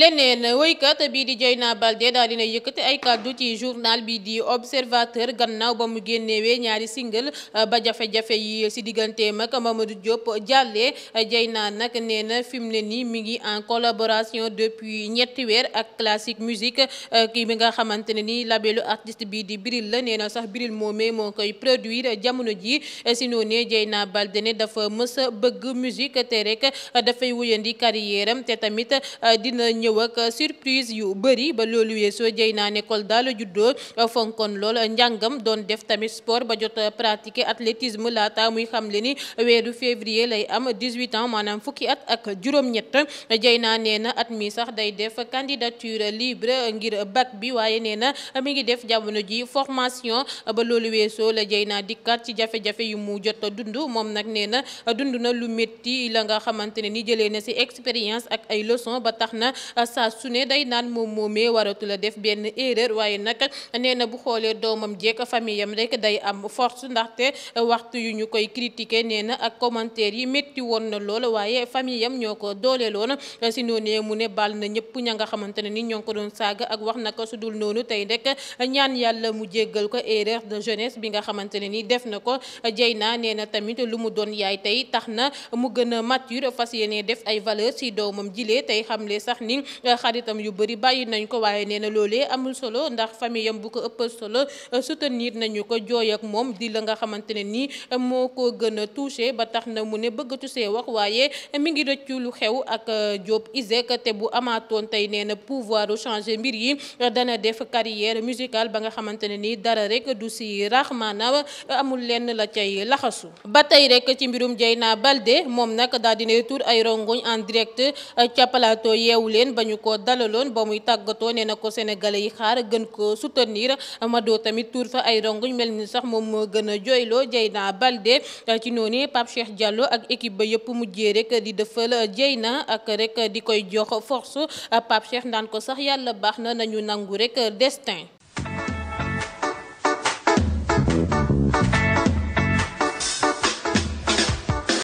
leneen woykat bii di Dieyna Baldé daal dina yëkkati ay kàddu ci journal bii di observateur gannaaw ba mu génnewee ñaari single uh, ba jafe-jafe yi si digganteem ak Mamadou Diop Diallé uh, naa nag nee na fi mu ne nii mu ngi en collaboration depuis ñetti weer ak classique musique uh, kii bi nga xamante ne nii labelu artiste bii di Bril la na sax Bril moomee moo koy produire jamono ji si noonee naa Baldé ne dafa mës bëgg musique te rek dafay wuyandi carrière te tamit dina ñëw. xew ak euh, surprise yu bëri ba loolu weesoo jëy naa ne daal la juddoo euh, fonkoon lool euh, njàngam doon def tamit sport ba jot pratiquer athlétisme laata muy xamle ni weeru février lay am 18 ans maanaam fukki at ak juróom-ñett jëy naa nee na at mi sax day def candidature libre ngir bac bi waaye nee na mi ngi def jamono ji formation ba loolu weesoo la jëy naa dikkaat ci jafe-jafe yu mu jot dund moom nag nee na dund na lu métti la nga xamante ne ni jëlee na si expérience ak ay leçon ba tax na saa su ne day naan moom moomee waratu la def benn erreur waaye nag nee na bu xoolee doomam jeeg famille yam rek day am force ndaxte waxtu yu ñu koy critiquer nee na ak commentaire yi métti woon na lool waaye famille yam ñoo ko doole loon si noonu mu ne baal na ñëpp ña nga xamante ne ni ñoo ngi ko doon saaga ak wax naka su dul noonu tey rek ñaan yàlla mu jéggal ko erreur de jeunesse bi nga xamante ne ni def na ko Dieyna nee na tamit lu mu doon yaay tey tax na mu gën a mature fas yéene def ay valeur si Euh, xaritam yu bëri bàyyi nañ ko waaye nee na loolee amul solo ndax famille am bu ko ëppal solo euh, soutenir nañu ko jooy ak moom di la nga xamante ne nii euh, moo ko gën a ba tax na mu ne bëggatu see wax waaye mi ngi rëccu lu xew ak Diop Iseg bu amaatoon tey nee na pouvoir changer mbir yi dana def carrière musicale ba nga xamante ne nii dara rek du si rax maanaam amul lenn la ci mbirum Dieyna Baldé moom nag daal dinay tur ay rongoñ en direct ca plateau yeewu leen ba ñu ko dalaloon ba muy tàggatoo nee na ko sénégalais yi xaar gën ko soutenir Mado tamit tuur fa ay rongoñ mel ni sax moom moo gën a jooyloo Dieyna Baldé ci noonu Pape Cheikh ak équipe ba yëpp mujjee rek di defal na ak rek di koy jox force Pape Cheikh ko sax yàlla baax na nañu nangu rek destin